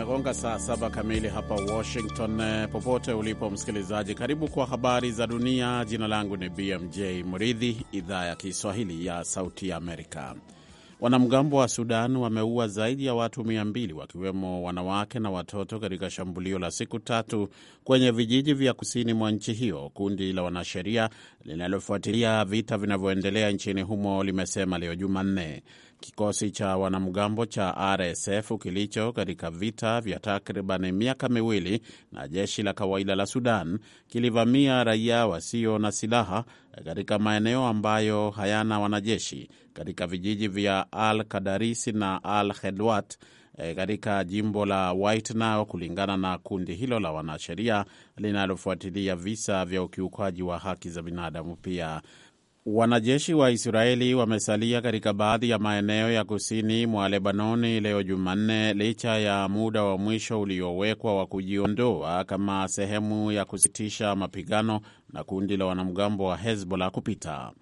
Imegonga saa saba kamili hapa Washington. Eh, popote ulipo msikilizaji, karibu kwa habari za dunia. Jina langu ni BMJ Muridhi, idhaa ya Kiswahili ya Sauti ya Amerika. Wanamgambo wa Sudan wameua zaidi ya watu mia mbili wakiwemo wanawake na watoto katika shambulio la siku tatu kwenye vijiji vya kusini mwa nchi hiyo. Kundi la wanasheria linalofuatilia vita vinavyoendelea nchini humo limesema leo Jumanne kikosi cha wanamgambo cha RSF kilicho katika vita vya takriban miaka miwili na jeshi la kawaida la Sudan kilivamia raia wasio na silaha katika maeneo ambayo hayana wanajeshi katika vijiji vya Al Kadarisi na Al Hedwat e, katika jimbo la White Nile, kulingana na kundi hilo la wanasheria linalofuatilia visa vya ukiukaji wa haki za binadamu. Pia wanajeshi wa Israeli wamesalia katika baadhi ya maeneo ya kusini mwa Lebanoni leo Jumanne, licha ya muda wa mwisho uliowekwa wa kujiondoa kama sehemu ya kusitisha mapigano na kundi la wanamgambo wa Hezbollah kupita.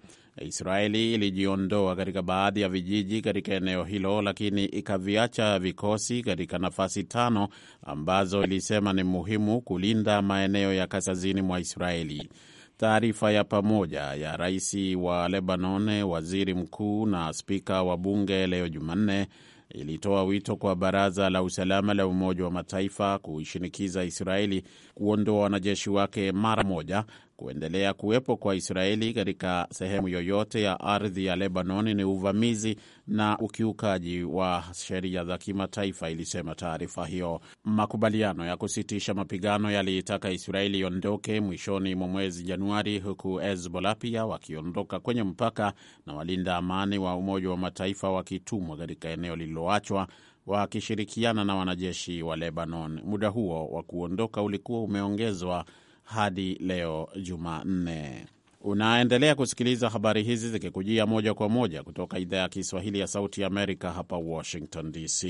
Israeli ilijiondoa katika baadhi ya vijiji katika eneo hilo, lakini ikaviacha vikosi katika nafasi tano ambazo ilisema ni muhimu kulinda maeneo ya kaskazini mwa Israeli. Taarifa ya pamoja ya rais wa Lebanon, waziri mkuu na spika wa bunge leo Jumanne ilitoa wito kwa baraza la usalama la Umoja wa Mataifa kuishinikiza Israeli kuondoa wanajeshi wake mara moja. Kuendelea kuwepo kwa Israeli katika sehemu yoyote ya ardhi ya Lebanon ni uvamizi na ukiukaji wa sheria za kimataifa, ilisema taarifa hiyo. Makubaliano ya kusitisha mapigano yaliitaka Israeli iondoke mwishoni mwa mwezi Januari, huku Hezbollah pia wakiondoka kwenye mpaka na walinda amani wa Umoja wa Mataifa wakitumwa katika eneo lililoachwa wakishirikiana na wanajeshi wa Lebanon. Muda huo wa kuondoka ulikuwa umeongezwa hadi leo Jumanne. Unaendelea kusikiliza habari hizi zikikujia moja kwa moja kutoka idhaa ya Kiswahili ya Sauti ya Amerika hapa Washington DC.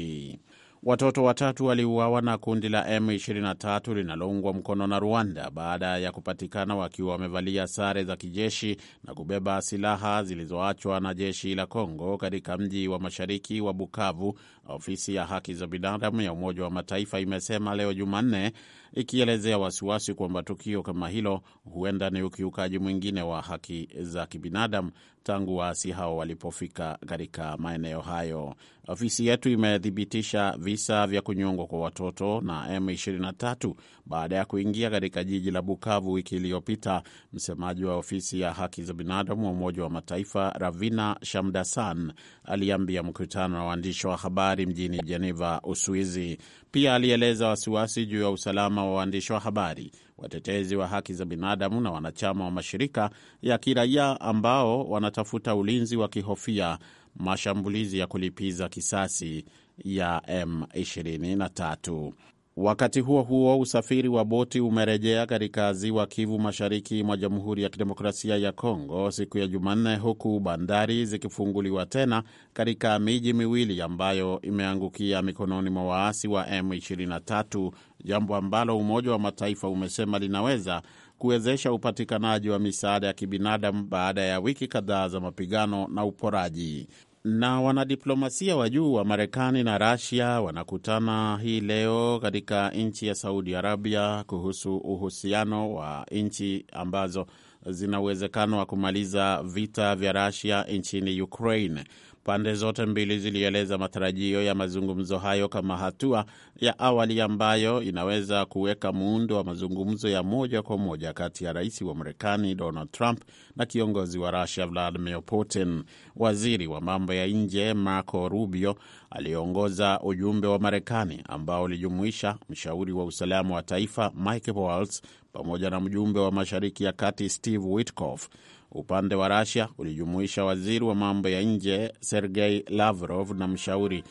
Watoto watatu waliuawa na kundi la M23 linaloungwa mkono na Rwanda baada ya kupatikana wakiwa wamevalia sare za kijeshi na kubeba silaha zilizoachwa na jeshi la congo katika mji wa mashariki wa Bukavu, ofisi ya haki za binadamu ya Umoja wa Mataifa imesema leo Jumanne, ikielezea wasiwasi kwamba tukio kama hilo huenda ni ukiukaji mwingine wa haki za kibinadamu tangu waasi hao walipofika katika maeneo hayo. Ofisi yetu imethibitisha visa vya kunyongwa kwa watoto na M23 baada ya kuingia katika jiji la Bukavu wiki iliyopita. Msemaji wa ofisi ya haki za binadamu wa Umoja wa Mataifa Ravina Shamdasan aliambia mkutano na waandishi wa habari mjini Jeneva, Uswizi. Pia alieleza wasiwasi juu ya usalama usalama wa waandishi wa habari, watetezi wa haki za binadamu na wanachama wa mashirika ya kiraia ambao wanatafuta ulinzi wakihofia mashambulizi ya kulipiza kisasi ya M23. Wakati huo huo, usafiri wa boti umerejea katika ziwa Kivu mashariki mwa Jamhuri ya Kidemokrasia ya Kongo siku ya Jumanne, huku bandari zikifunguliwa tena katika miji miwili ambayo imeangukia mikononi mwa waasi wa M23, jambo ambalo Umoja wa Mataifa umesema linaweza kuwezesha upatikanaji wa misaada ya kibinadamu baada ya wiki kadhaa za mapigano na uporaji. Na wanadiplomasia wa juu wa Marekani na Rasia wanakutana hii leo katika nchi ya Saudi Arabia kuhusu uhusiano wa nchi ambazo zina uwezekano wa kumaliza vita vya Rusia nchini Ukraine. Pande zote mbili zilieleza matarajio ya mazungumzo hayo kama hatua ya awali ambayo inaweza kuweka muundo wa mazungumzo ya moja kwa moja kati ya rais wa Marekani Donald Trump na kiongozi wa Rusia Vladimir Putin. Waziri wa mambo ya nje Marco Rubio aliyeongoza ujumbe wa Marekani ambao ulijumuisha mshauri wa usalama wa taifa Mike Waltz, pamoja na mjumbe wa Mashariki ya Kati Steve Witkoff. Upande wa Rasia ulijumuisha waziri wa mambo ya nje Sergei Lavrov na mshauri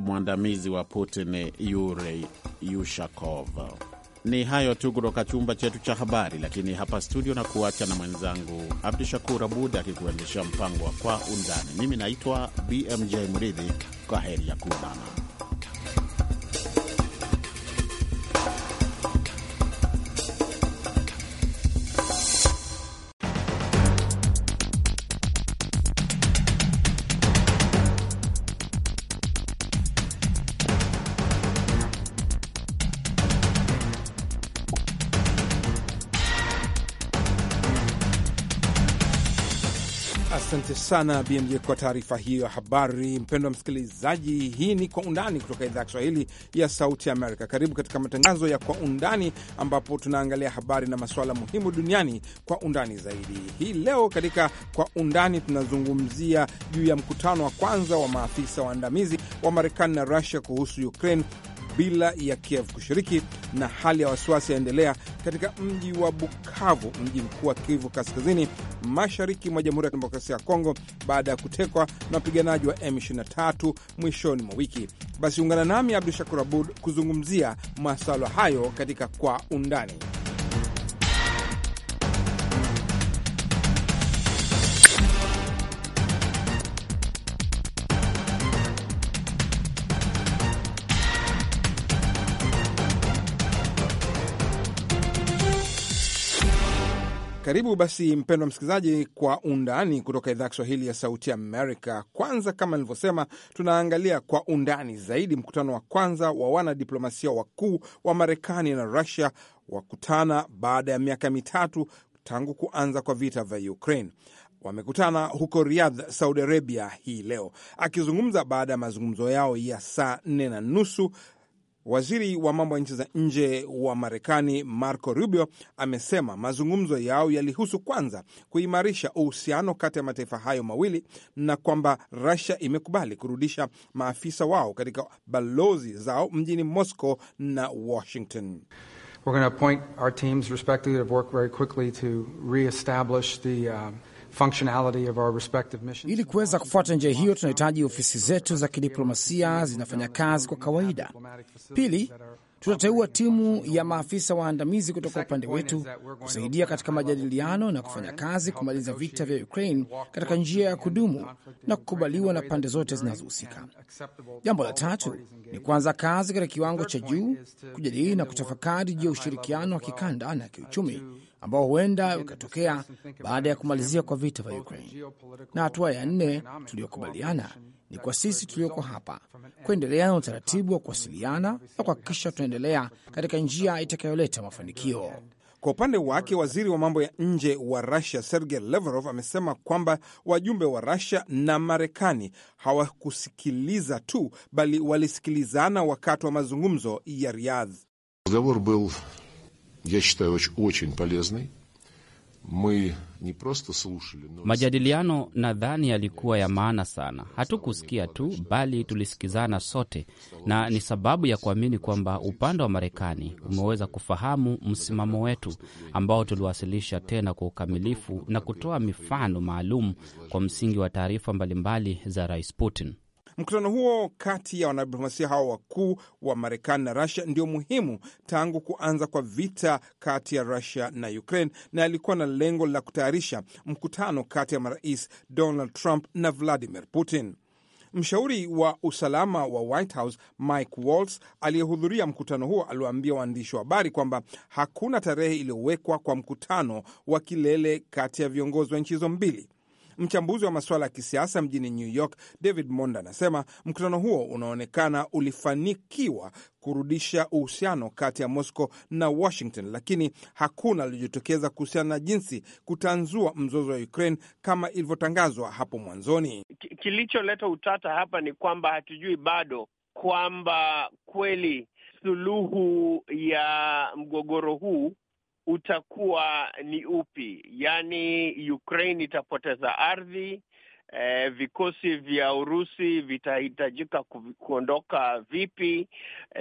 mwandamizi wa Putin Yuri Yushakov. Ni hayo tu kutoka chumba chetu cha habari, lakini hapa studio na kuacha na mwenzangu Abdu Shakur Abud akikuendesha mpango wa Kwa Undani. Mimi naitwa BMJ Mridhi, kwa heri ya kuonana. sana BMJ kwa taarifa hiyo ya habari. Mpendwa msikilizaji, hii ni Kwa Undani kutoka idhaa ya Kiswahili ya Sauti Amerika. Karibu katika matangazo ya Kwa Undani ambapo tunaangalia habari na masuala muhimu duniani kwa undani zaidi. Hii leo katika Kwa Undani tunazungumzia juu ya mkutano wa kwanza wa maafisa waandamizi wa Marekani na Rusia kuhusu Ukraine bila ya Kiev kushiriki, na hali ya wasiwasi yaendelea katika mji wa Bukavu, mji mkuu wa Kivu Kaskazini, mashariki mwa Jamhuri ya Kidemokrasia ya Kongo, baada ya kutekwa na wapiganaji wa M23 mwishoni mwa wiki. Basi ungana nami Abdu Shakur Abud kuzungumzia maswala hayo katika Kwa Undani. Karibu basi mpendwa msikilizaji, kwa undani kutoka idhaa ya Kiswahili ya Sauti Amerika. Kwanza, kama nilivyosema, tunaangalia kwa undani zaidi mkutano wa kwanza wa wanadiplomasia wakuu wa Marekani na Rusia wakutana baada ya miaka mitatu tangu kuanza kwa vita vya Ukraine. Wamekutana huko Riyadh, Saudi Arabia hii leo. Akizungumza baada ya mazungumzo yao ya saa nne na nusu, Waziri wa mambo ya nchi za nje wa Marekani Marco Rubio amesema mazungumzo yao yalihusu kwanza kuimarisha uhusiano kati ya mataifa hayo mawili na kwamba rasia imekubali kurudisha maafisa wao katika balozi zao mjini Moscow na Washington. We're ili kuweza kufuata njia hiyo, tunahitaji ofisi zetu za kidiplomasia zinafanya kazi kwa kawaida. Pili, tutateua timu ya maafisa waandamizi kutoka upande wetu kusaidia katika majadiliano na kufanya kazi kumaliza vita vya Ukraine katika njia ya kudumu na kukubaliwa na pande zote zinazohusika. Jambo la tatu ni kuanza kazi katika kiwango cha juu, kujadili na kutafakari juu ya ushirikiano wa kikanda na kiuchumi ambao huenda ukatokea baada ya kumalizika kwa vita vya Ukraine. Na hatua ya nne tuliyokubaliana ni kwa sisi tulioko hapa kuendelea na utaratibu wa kuwasiliana na kuhakikisha tunaendelea katika njia itakayoleta mafanikio. Kwa upande wake waziri wa mambo ya nje wa Rusia Sergei Lavrov amesema kwamba wajumbe wa Rusia na Marekani hawakusikiliza tu, bali walisikilizana wakati wa mazungumzo ya Riyadh я считаю, очень, очень полезной. Majadiliano nadhani yalikuwa ya maana sana. Hatukusikia tu, bali tulisikizana sote, na ni sababu ya kuamini kwamba upande wa Marekani umeweza kufahamu msimamo wetu ambao tuliwasilisha tena kwa ukamilifu na kutoa mifano maalum kwa msingi wa taarifa mbalimbali za Rais Putin. Mkutano huo kati ya wanadiplomasia hao wakuu wa Marekani na Rusia ndio muhimu tangu kuanza kwa vita kati ya Rusia na Ukraine na alikuwa na lengo la kutayarisha mkutano kati ya marais Donald Trump na Vladimir Putin. Mshauri wa usalama wa White House Mike Waltz aliyehudhuria mkutano huo aliwaambia waandishi wa habari kwamba hakuna tarehe iliyowekwa kwa mkutano wa kilele kati ya viongozi wa nchi hizo mbili. Mchambuzi wa masuala ya kisiasa mjini New York, David Monda, anasema mkutano huo unaonekana ulifanikiwa kurudisha uhusiano kati ya Moscow na Washington, lakini hakuna lilijitokeza kuhusiana na jinsi kutanzua mzozo wa Ukraine kama ilivyotangazwa hapo mwanzoni. Kilicholeta utata hapa ni kwamba hatujui bado kwamba kweli suluhu ya mgogoro huu utakuwa ni upi? Yaani Ukraine itapoteza ardhi eh, vikosi vya Urusi vitahitajika ku, kuondoka vipi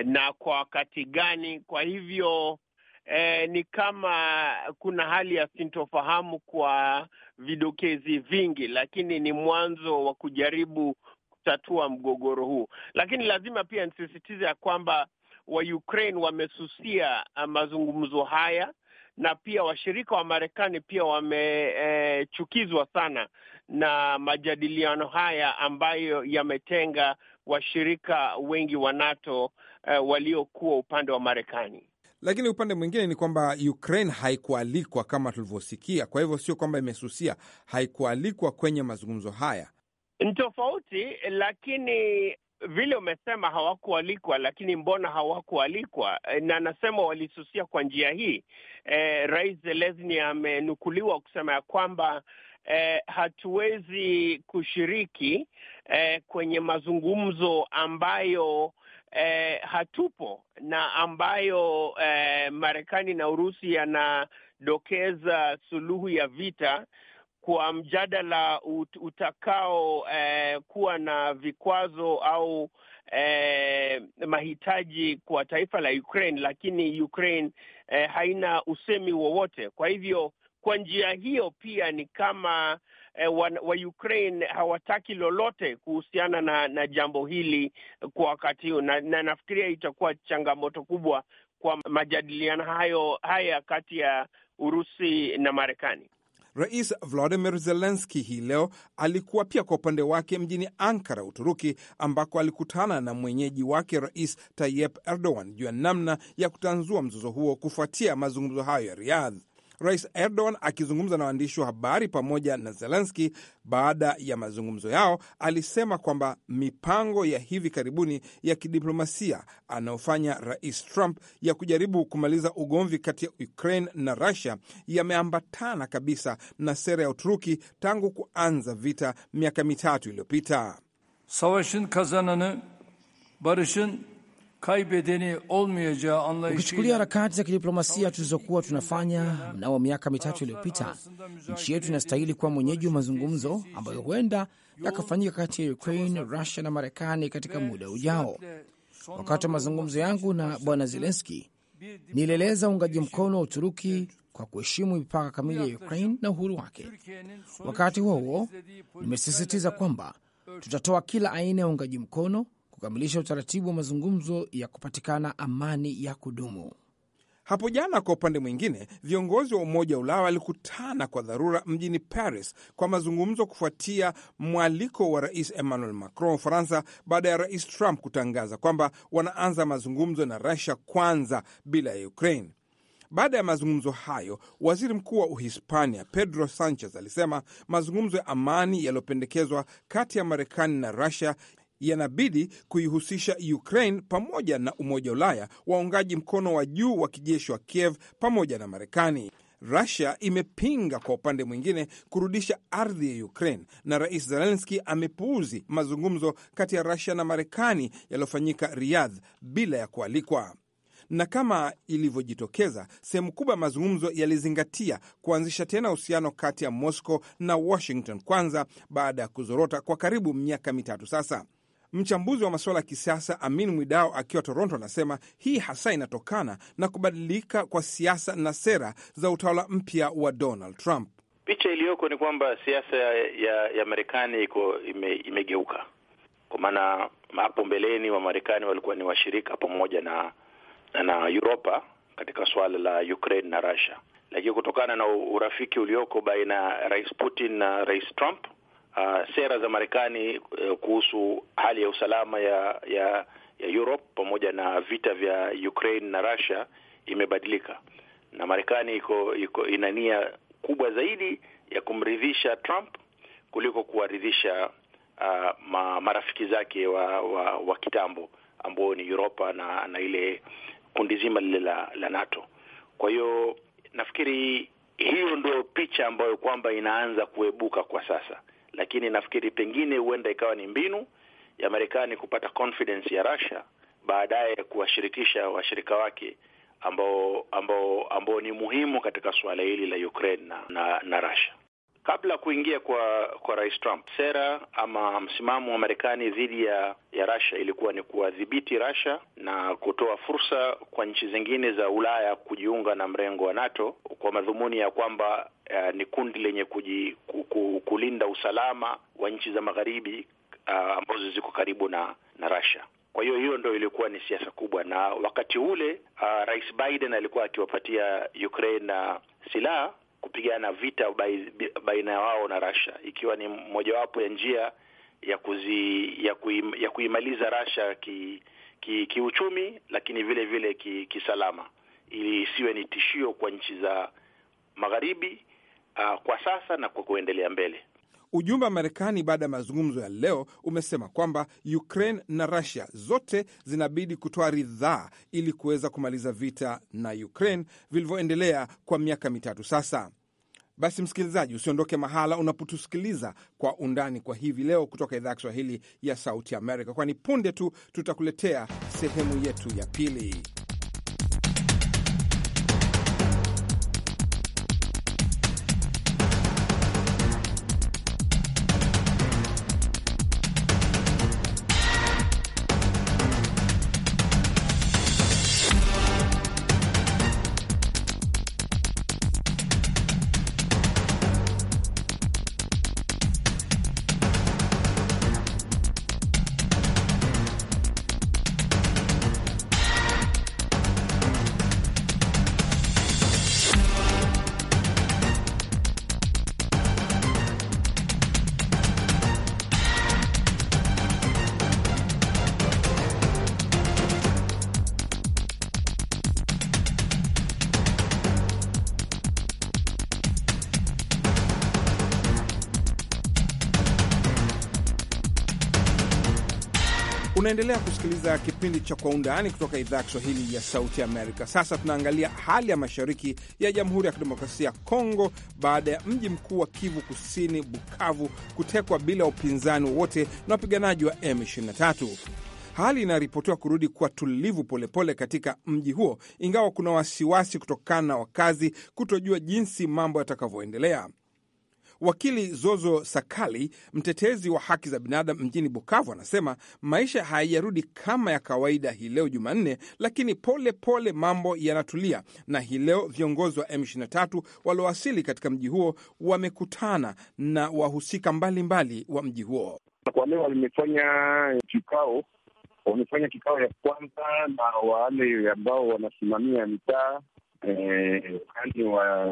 na kwa wakati gani? Kwa hivyo eh, ni kama kuna hali ya sintofahamu kwa vidokezi vingi, lakini ni mwanzo wa kujaribu kutatua mgogoro huu, lakini lazima pia nisisitize ya kwamba wa Ukraine wamesusia ah, mazungumzo haya na pia washirika wa Marekani pia wamechukizwa eh, sana na majadiliano haya ambayo yametenga washirika wengi wa NATO eh, waliokuwa upande wa Marekani. Lakini upande mwingine ni kwamba Ukraine haikualikwa kama tulivyosikia, kwa hivyo sio kwamba imesusia, haikualikwa kwenye mazungumzo haya. Ni tofauti, lakini vile umesema hawakualikwa, lakini mbona hawakualikwa? Eh, na anasema walisusia kwa njia hii. E, Rais Zelensky amenukuliwa kusema ya kwamba e, hatuwezi kushiriki e, kwenye mazungumzo ambayo e, hatupo na ambayo e, Marekani na Urusi yanadokeza suluhu ya vita kwa mjadala utakao eh, kuwa na vikwazo au eh, mahitaji kwa taifa la Ukraine, lakini Ukraine eh, haina usemi wowote. Kwa hivyo kwa njia hiyo pia ni kama eh, wa, wa Ukraine hawataki lolote kuhusiana na, na jambo hili kwa wakati huu, na, na nafikiria itakuwa changamoto kubwa kwa majadiliano hayo haya kati ya Urusi na Marekani. Rais Vladimir zelenski hii leo alikuwa pia kwa upande wake mjini Ankara, Uturuki, ambako alikutana na mwenyeji wake Rais Tayyip Erdogan juu ya namna ya kutanzua mzozo huo kufuatia mazungumzo hayo ya Riyadh. Rais Erdogan akizungumza na waandishi wa habari pamoja na Zelenski baada ya mazungumzo yao, alisema kwamba mipango ya hivi karibuni ya kidiplomasia anayofanya Rais Trump ya kujaribu kumaliza ugomvi kati ya Ukraine na Russia yameambatana kabisa na sera ya Uturuki tangu kuanza vita miaka mitatu iliyopita. savashin kazananı barışın kaybedeni Ukichukulia harakati za kidiplomasia tulizokuwa tunafanya mnamo miaka mitatu iliyopita, nchi yetu inastahili kuwa mwenyeji wa mazungumzo ambayo huenda yakafanyika kati ya Ukraine, Rusia na Marekani katika muda ujao. Wakati wa mazungumzo yangu na Bwana Zelenski nilieleza uungaji mkono wa Uturuki kwa kuheshimu mipaka kamili ya Ukraine na uhuru wake. Wakati huo huo, nimesisitiza kwamba tutatoa kila aina ya uungaji mkono kukamilisha utaratibu wa mazungumzo ya kupatikana amani ya kudumu. Hapo jana, kwa upande mwingine, viongozi wa Umoja wa Ulaya walikutana kwa dharura mjini Paris kwa mazungumzo kufuatia mwaliko wa Rais Emmanuel Macron wa Ufaransa baada ya Rais Trump kutangaza kwamba wanaanza mazungumzo na rasia kwanza bila ya Ukraine. Baada ya mazungumzo hayo, waziri mkuu wa Uhispania Pedro Sanchez alisema mazungumzo ya amani yaliyopendekezwa kati ya Marekani na rasia yanabidi kuihusisha Ukraine pamoja na Umoja wa Ulaya, waungaji mkono wa juu wa kijeshi wa Kiev pamoja na Marekani. Rusia imepinga kwa upande mwingine kurudisha ardhi ya Ukraine na Rais Zelenski amepuuzi mazungumzo kati ya Rusia na Marekani yaliyofanyika Riyadh bila ya kualikwa. Na kama ilivyojitokeza, sehemu kubwa ya mazungumzo yalizingatia kuanzisha tena uhusiano kati ya Moscow na Washington kwanza baada ya kuzorota kwa karibu miaka mitatu sasa. Mchambuzi wa masuala ya kisiasa Amin Mwidao akiwa Toronto anasema hii hasa inatokana na kubadilika kwa siasa na sera za utawala mpya wa Donald Trump. Picha iliyoko ni kwamba siasa ya, ya Marekani iko ime, imegeuka kwa maana hapo mbeleni wa Marekani walikuwa ni washirika pamoja na na Uropa katika suala la Ukraine na Russia, lakini kutokana na urafiki ulioko baina ya Rais Putin na Rais Trump uh, sera za Marekani uh, kuhusu hali ya usalama ya ya ya Europe pamoja na vita vya Ukraine na Russia imebadilika, na Marekani iko iko ina nia kubwa zaidi ya kumridhisha Trump kuliko kuwaridhisha uh, ma, marafiki zake wa, wa, wa kitambo ambao ni Europa na na ile kundi zima lile la, la NATO. Kwa hiyo nafikiri hiyo ndio picha ambayo kwamba inaanza kuebuka kwa sasa lakini nafikiri pengine huenda ikawa ni mbinu ya Marekani kupata confidence ya Russia, baadaye kuwashirikisha washirika wake ambao ambao ambao ni muhimu katika suala hili la Ukraine na, na, na Russia. Kabla kuingia kwa kwa Rais Trump, sera ama msimamo wa Marekani dhidi ya ya Russia ilikuwa ni kuwadhibiti Russia na kutoa fursa kwa nchi zingine za Ulaya kujiunga na mrengo wa NATO kwa madhumuni ya kwamba uh, ni kundi lenye kuji, kulinda usalama wa nchi za magharibi ah, ambazo ziko karibu na na Russia. Kwa hiyo hiyo ndio ilikuwa ni siasa kubwa, na wakati ule uh, Rais Biden alikuwa akiwapatia Ukraine na ah, silaha kupigana vita baina ya wao na Russia, ikiwa ni mojawapo ya njia ya kuzi, ya, kuim, ya kuimaliza Russia ki, ki, kiuchumi lakini vile vile ki, kisalama ili isiwe ni tishio kwa nchi za magharibi uh, kwa sasa na kwa kuendelea mbele. Ujumbe wa Marekani baada ya mazungumzo ya leo umesema kwamba Ukraine na Rusia zote zinabidi kutoa ridhaa ili kuweza kumaliza vita na Ukraine vilivyoendelea kwa miaka mitatu sasa. Basi msikilizaji, usiondoke mahala unapotusikiliza kwa undani kwa hivi leo kutoka idhaa ya Kiswahili ya Sauti Amerika, kwani punde tu tutakuletea sehemu yetu ya pili. Unaendelea kusikiliza kipindi cha Kwa Undani kutoka idhaa ya Kiswahili ya Sauti Amerika. Sasa tunaangalia hali ya mashariki ya Jamhuri ya Kidemokrasia ya Kongo baada ya mji mkuu wa Kivu Kusini, Bukavu, kutekwa bila upinzani wowote na wapiganaji wa M23. Hali inaripotiwa kurudi kuwa tulivu polepole katika mji huo, ingawa kuna wasiwasi kutokana na wakazi kutojua jinsi mambo yatakavyoendelea. Wakili Zozo Sakali, mtetezi wa haki za binadamu mjini Bukavu, anasema maisha hayajarudi kama ya kawaida hii leo Jumanne, lakini pole pole mambo yanatulia, na hii leo viongozi wa M23 waliowasili katika mji huo wamekutana na wahusika mbalimbali wa mji huo. Kwa leo wamefanya kikao wamefanya kikao ya kwanza na wale ambao wanasimamia mitaa, eh, upande eh, wa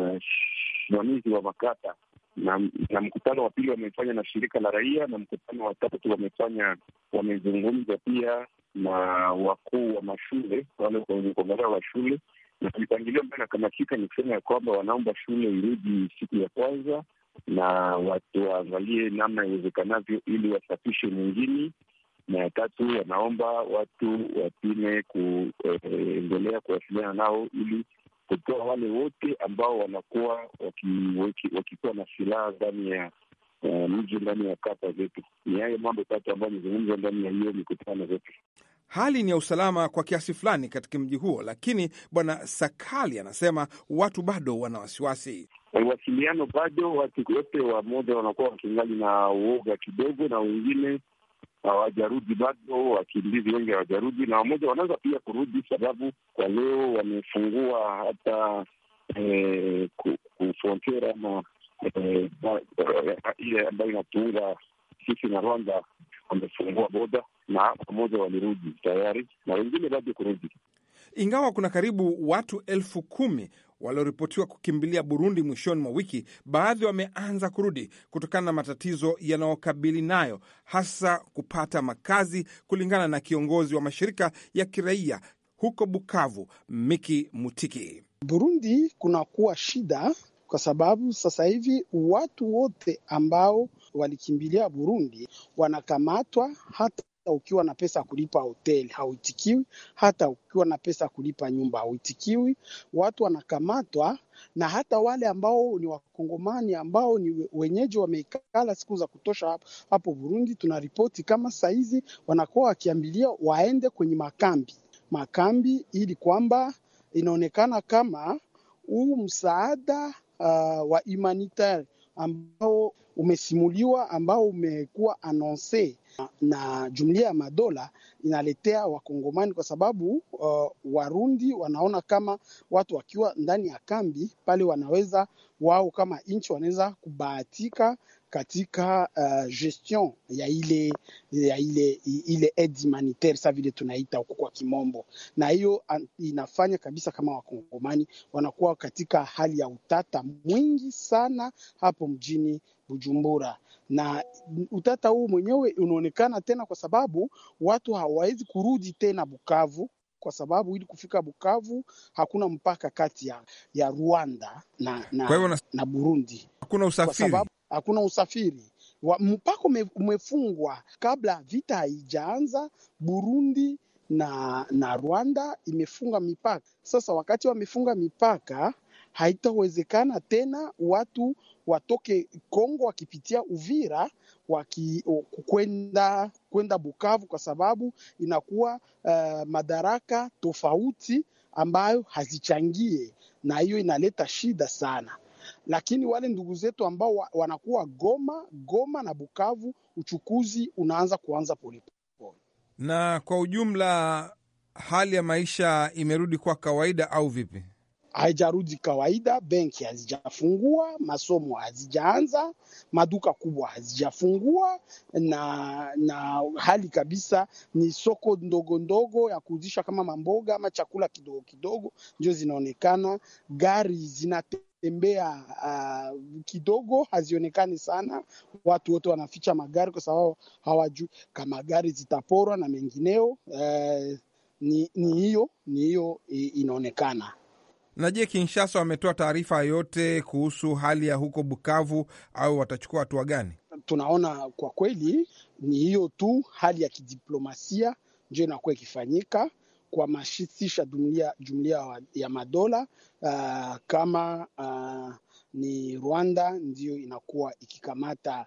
simamizi wa makata na, na mkutano wa pili wamefanya na shirika la raia, na mkutano wa tatu wamefanya wamezungumza pia na wakuu wa mashule wale kongamano wa shule, na mipangilio ambayo inakamatika ni kusema ya kwamba wanaomba shule irudi siku ya kwanza na watu waangalie namna iwezekanavyo ili wasafishe mwingini, na ya tatu wanaomba watu wapime kuendelea eh, kuwasiliana nao ili kutoa wale wote ambao wanakuwa wakikuwa na silaha ndani ya Uh, mji ndani ya kata zetu. Ni hayo mambo tatu ambayo amezungumza ndani ya hiyo mikutano zetu. Hali ni ya usalama kwa kiasi fulani katika mji huo, lakini bwana Sakali anasema watu bado wana wasiwasi, wasiliano bado, watu wote wamoja wanakuwa wakingali na uoga kidogo, na wengine hawajarudi bado, wakimbizi wengi hawajarudi, na wamoja wanaweza pia kurudi, sababu kwa leo wamefungua hata kufontera eh, kufrontiera ama eh, ile ambayo inatuunga sisi na Rwanda, wamefungua boda na pamoja walirudi tayari, na wengine bado kurudi, ingawa kuna karibu watu elfu kumi walioripotiwa kukimbilia Burundi mwishoni mwa wiki, baadhi wameanza kurudi kutokana na matatizo yanayokabili nayo, hasa kupata makazi, kulingana na kiongozi wa mashirika ya kiraia huko Bukavu, Miki Mutiki. Burundi kunakuwa shida kwa sababu sasa hivi watu wote ambao walikimbilia Burundi wanakamatwa, hata hata ukiwa na pesa ya kulipa hoteli hauitikiwi, hata ukiwa na pesa ya kulipa nyumba hauitikiwi. Watu wanakamatwa, na hata wale ambao ni wakongomani ambao ni wenyeji wameikala siku za kutosha hapo, hapo Burundi, tunaripoti kama saizi wanakuwa wakiambilia waende kwenye makambi makambi, ili kwamba inaonekana kama huu msaada uh, wa humanitarian ambao umesimuliwa, ambao umekuwa anonse na jumlia ya madola inaletea Wakongomani kwa sababu uh, Warundi wanaona kama watu wakiwa ndani ya kambi pale wanaweza wao kama nchi wanaweza kubahatika katika uh, gestion ya ile, ya ile, ile aid humanitaire sa vile tunaita huko kwa kimombo, na hiyo inafanya kabisa kama wakongomani wanakuwa katika hali ya utata mwingi sana hapo mjini Bujumbura na utata huu mwenyewe unaonekana tena kwa sababu watu hawawezi kurudi tena Bukavu kwa sababu ili kufika Bukavu hakuna mpaka kati ya, ya Rwana na, na, na Burundi. Hakuna usafiri kwa sababu hakuna usafiri wa, mpaka umefungwa kabla vita haijaanza. Burundi na, na Rwanda imefunga mipaka. Sasa wakati wamefunga mipaka, haitawezekana tena watu watoke Kongo wakipitia Uvira waki, kwenda kwenda Bukavu kwa sababu inakuwa uh, madaraka tofauti ambayo hazichangie, na hiyo inaleta shida sana lakini wale ndugu zetu ambao wanakuwa Goma, Goma na Bukavu, uchukuzi unaanza kuanza polepole. Na kwa ujumla hali ya maisha imerudi kwa kawaida au vipi? Haijarudi kawaida, benki hazijafungua, masomo hazijaanza, maduka kubwa hazijafungua, na na hali kabisa ni soko ndogo ndogo ya kuuzisha kama mamboga ama chakula kidogo kidogo ndio zinaonekana, gari zinate tembea uh, kidogo hazionekani sana. Watu wote wanaficha magari kwa sababu hawajui kama gari zitaporwa na mengineo. Uh, ni hiyo ni hiyo inaonekana. Na je, Kinshasa wametoa taarifa yote kuhusu hali ya huko Bukavu au watachukua hatua gani? Tunaona kwa kweli ni hiyo tu, hali ya kidiplomasia ndio inakuwa ikifanyika kuhamasisha jumlia jumlia ya madola uh, kama uh, ni Rwanda ndiyo inakuwa ikikamata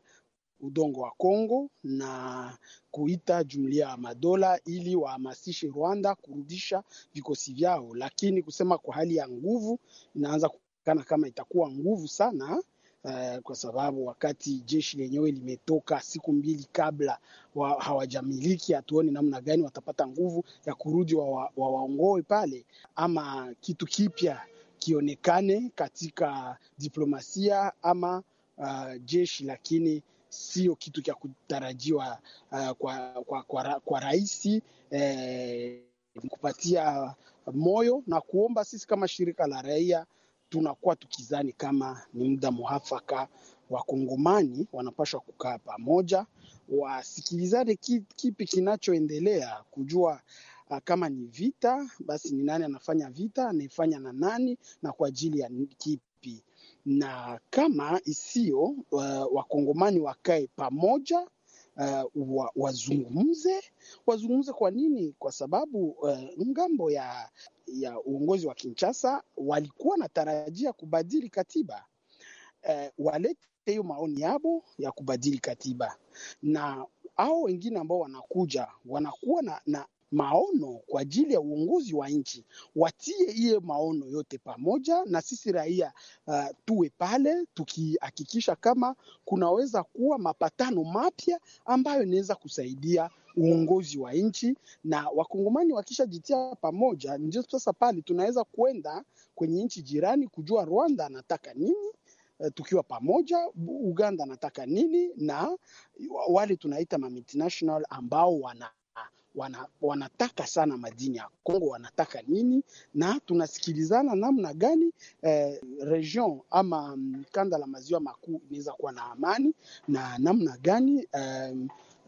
udongo wa Kongo na kuita jumlia ya madola ili wahamasishe Rwanda kurudisha vikosi vyao, lakini kusema kwa hali ya nguvu inaanza kuonekana kama itakuwa nguvu sana uh, kwa sababu wakati jeshi lenyewe limetoka siku mbili kabla wa, hawajamiliki, hatuoni namna gani watapata nguvu ya kurudi wawaongoe wa, wa pale ama kitu kipya kionekane katika diplomasia ama uh, jeshi, lakini sio kitu cha kutarajiwa uh, kwa, kwa, kwa, kwa rahisi eh, kupatia moyo na kuomba sisi kama shirika la raia tunakuwa tukizani kama ni muda muhafaka Wakongomani wanapashwa kukaa pamoja, wasikilizane kipi kinachoendelea, kujua ah, kama ni vita basi ni nani anafanya vita, anaefanya na nani na kwa ajili ya kipi, na kama isiyo uh, ah, Wakongomani wakae pamoja uh, wazungumze wazungumze. Kwa nini? Kwa sababu uh, ngambo ya, ya uongozi wa Kinshasa walikuwa na tarajia kubadili katiba uh, walete hiyo maoni yabo ya kubadili katiba, na hao wengine ambao wanakuja wanakuwa na, na maono kwa ajili ya uongozi wa nchi, watie hiyo maono yote pamoja, na sisi raia uh, tuwe pale tukihakikisha kama kunaweza kuwa mapatano mapya ambayo inaweza kusaidia uongozi wa nchi, na wakongomani wakishajitia pamoja, ndio sasa pale tunaweza kwenda kwenye nchi jirani kujua Rwanda anataka nini eh, tukiwa pamoja, Uganda anataka nini, na wale tunaita ma multinational ambao wana Wana, wanataka sana madini ya Kongo wanataka nini, na tunasikilizana namna gani eh, region ama mm, kanda la maziwa makuu inaweza kuwa na amani na namna gani eh,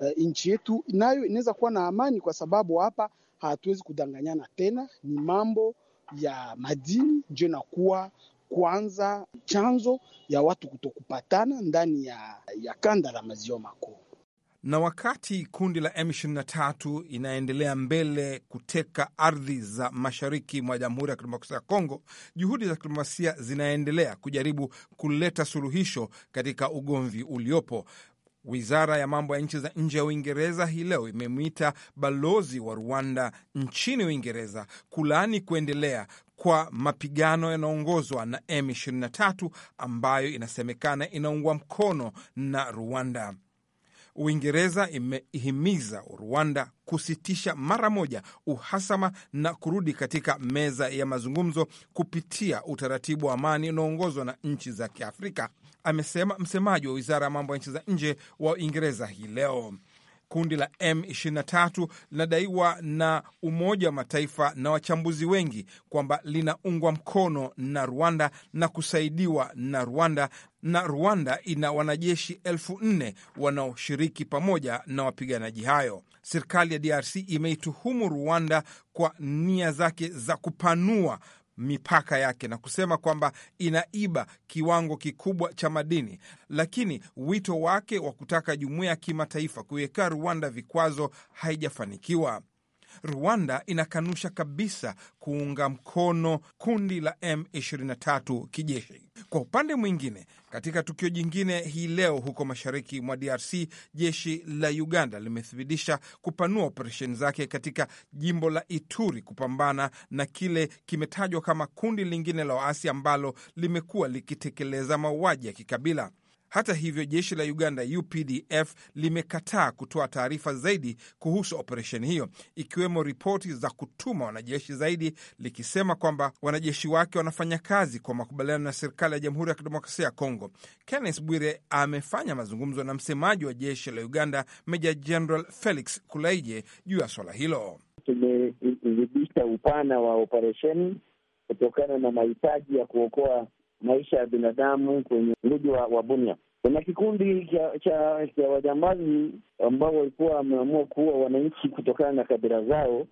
uh, nchi yetu nayo inaweza kuwa na amani, kwa sababu hapa hatuwezi kudanganyana tena. Ni mambo ya madini ndio inakuwa kwanza chanzo ya watu kutokupatana ndani ya, ya kanda la maziwa makuu. Na wakati kundi la M23 inaendelea mbele kuteka ardhi za mashariki mwa Jamhuri ya Kidemokrasia ya Kongo, juhudi za kidiplomasia zinaendelea kujaribu kuleta suluhisho katika ugomvi uliopo. Wizara ya mambo ya nchi za nje ya Uingereza hii leo imemwita balozi wa Rwanda nchini Uingereza kulaani kuendelea kwa mapigano yanayoongozwa na M23 ambayo inasemekana inaungwa mkono na Rwanda. Uingereza imehimiza Rwanda kusitisha mara moja uhasama na kurudi katika meza ya mazungumzo kupitia utaratibu wa amani unaoongozwa na nchi za Kiafrika, amesema msemaji wa wizara ya mambo ya nchi za nje wa Uingereza hii leo. Kundi la M23 linadaiwa na Umoja wa Mataifa na wachambuzi wengi kwamba linaungwa mkono na Rwanda na kusaidiwa na Rwanda, na Rwanda ina wanajeshi elfu nne wanaoshiriki pamoja na wapiganaji hayo. Serikali ya DRC imeituhumu Rwanda kwa nia zake za kupanua mipaka yake na kusema kwamba inaiba kiwango kikubwa cha madini, lakini wito wake wa kutaka jumuiya ya kimataifa kuiwekea Rwanda vikwazo haijafanikiwa. Rwanda inakanusha kabisa kuunga mkono kundi la M23 kijeshi. Kwa upande mwingine, katika tukio jingine hii leo huko mashariki mwa DRC, jeshi la Uganda limethibitisha kupanua operesheni zake katika jimbo la Ituri kupambana na kile kimetajwa kama kundi lingine la waasi ambalo limekuwa likitekeleza mauaji ya kikabila. Hata hivyo, jeshi la Uganda UPDF limekataa kutoa taarifa zaidi kuhusu operesheni hiyo, ikiwemo ripoti za kutuma wanajeshi zaidi, likisema kwamba wanajeshi wake wanafanya kazi kwa makubaliano na serikali ya Jamhuri ya Kidemokrasia ya Kongo. Kenneth Bwire amefanya mazungumzo na msemaji wa jeshi la Uganda, Meja General Felix Kulaije juu ya swala hilo. Tumeizidisha upana wa operesheni kutokana na mahitaji ya kuokoa maisha ya binadamu kwenye mji wa, wa Bunia. Kuna kikundi cha, cha, cha wajambazi ambao walikuwa wameamua kuua wananchi kutokana na kabila zao.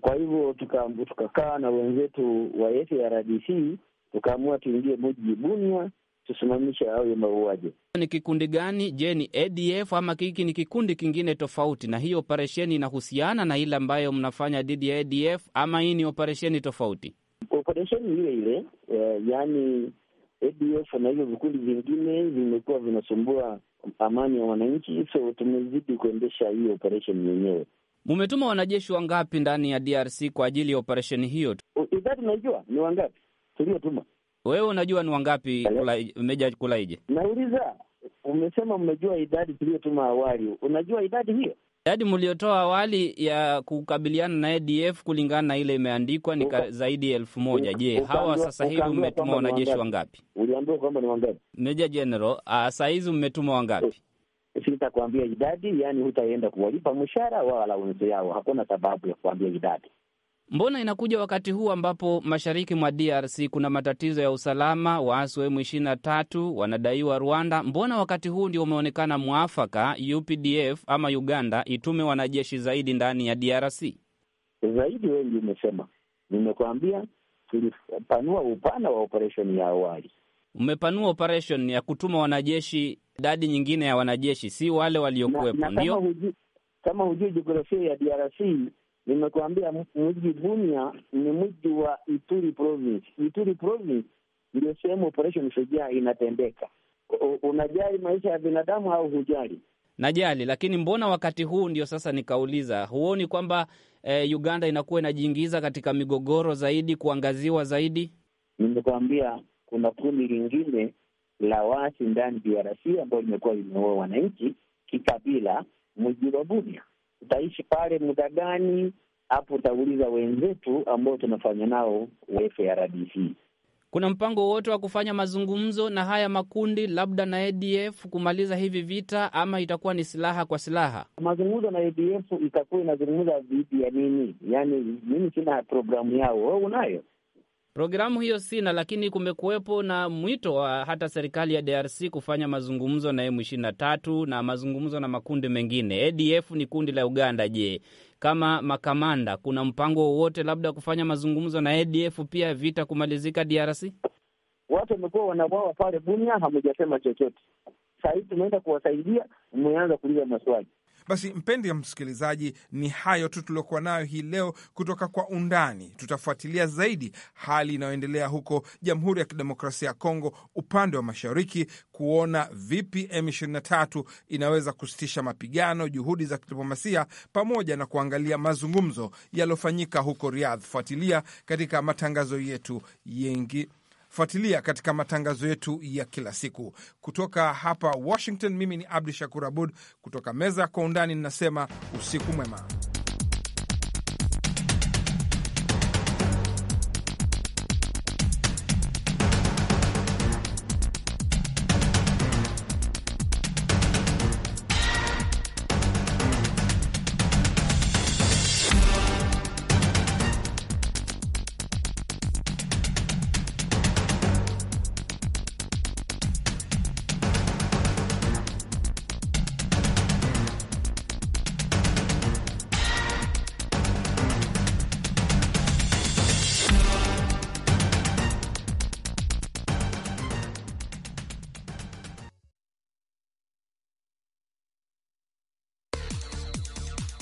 Kwa hivyo tukakaa tuka na wenzetu wa FARDC tukaamua tuingie mji Bunia tusimamisha hayo mauaji. Ni kikundi gani? Je, ni ADF ama hiki ni kikundi kingine tofauti? Na hii operesheni inahusiana na ile ambayo mnafanya dhidi ya ADF ama hii ni operesheni tofauti? Operesheni ile ile, e, eh, yani ADF na hivyo vikundi vingine vimekuwa vinasumbua amani ya wananchi, so tumezidi kuendesha hiyo operesheni yenyewe. Mumetuma wanajeshi wangapi ndani ya DRC kwa ajili ya operesheni hiyo? Idadi unajua ni wangapi tuliotuma? Wewe unajua ni wangapi? Meja Kulaije, nauliza umesema mmejua idadi tuliyotuma awali, unajua idadi hiyo? Idadi mliotoa awali ya kukabiliana na ADF kulingana na ile imeandikwa ni zaidi ya elfu moja. Je, hawa sasa hivi mmetuma wanajeshi wangapi? Uliambiwa kwamba ni wangapi, Meja General? Ah, sasa hizi mmetuma wangapi? Eh, Sitakuambia idadi, yani hutaenda kuwalipa mshahara wala wenzao yao, hakuna sababu ya kuambia idadi. Mbona inakuja wakati huu ambapo mashariki mwa DRC kuna matatizo ya usalama, waasi wa M23 wanadaiwa Rwanda? Mbona wakati huu ndio umeonekana mwafaka UPDF ama Uganda itume wanajeshi zaidi ndani ya DRC? Zaidi wengi umesema, nimekuambia tulipanua upana wa operesheni ya awali. Umepanua operesheni ya kutuma wanajeshi, idadi nyingine ya wanajeshi, si wale waliokuwepo. Ndio, kama hujui jiografia ya DRC Nimekuambia mji Bunia ni mji wa Ituri province. Ituri province ndio sehemu operation Shujaa inatendeka. Unajali maisha ya binadamu au hujali? Najali, lakini mbona wakati huu ndio sasa nikauliza, huoni kwamba eh, Uganda inakuwa inajiingiza katika migogoro zaidi, kuangaziwa zaidi? Nimekuambia kuna kundi lingine la waasi ndani DRC ambayo limekuwa limeua wananchi kikabila mji wa Bunia utaishi pale muda gani? Hapo utauliza wenzetu ambao tunafanya nao FARDC. Kuna mpango wote wa kufanya mazungumzo na haya makundi labda na ADF kumaliza hivi vita, ama itakuwa ni silaha kwa silaha? Mazungumzo na ADF itakuwa inazungumza dhidi ya nini? Yaani mimi sina programu yao, wewe unayo? Programu hiyo sina, lakini kumekuwepo na mwito wa hata serikali ya DRC kufanya mazungumzo na M23 na mazungumzo na makundi mengine. ADF ni kundi la Uganda. Je, kama makamanda, kuna mpango wowote labda kufanya mazungumzo na ADF pia vita kumalizika DRC? Watu wamekuwa wanawawa pale Bunia, hamejasema chochote. sahii tumeenda kuwasaidia, mmeanza kuuliza maswali. Basi mpendi ya msikilizaji, ni hayo tu tuliokuwa nayo hii leo kutoka kwa undani. Tutafuatilia zaidi hali inayoendelea huko Jamhuri ya Kidemokrasia ya Kongo upande wa mashariki, kuona vipi M23 inaweza kusitisha mapigano, juhudi za kidiplomasia, pamoja na kuangalia mazungumzo yaliyofanyika huko Riyadh. Fuatilia katika matangazo yetu yengi Fuatilia katika matangazo yetu ya kila siku kutoka hapa Washington. Mimi ni Abdu Shakur Abud kutoka meza kwa undani, ninasema usiku mwema.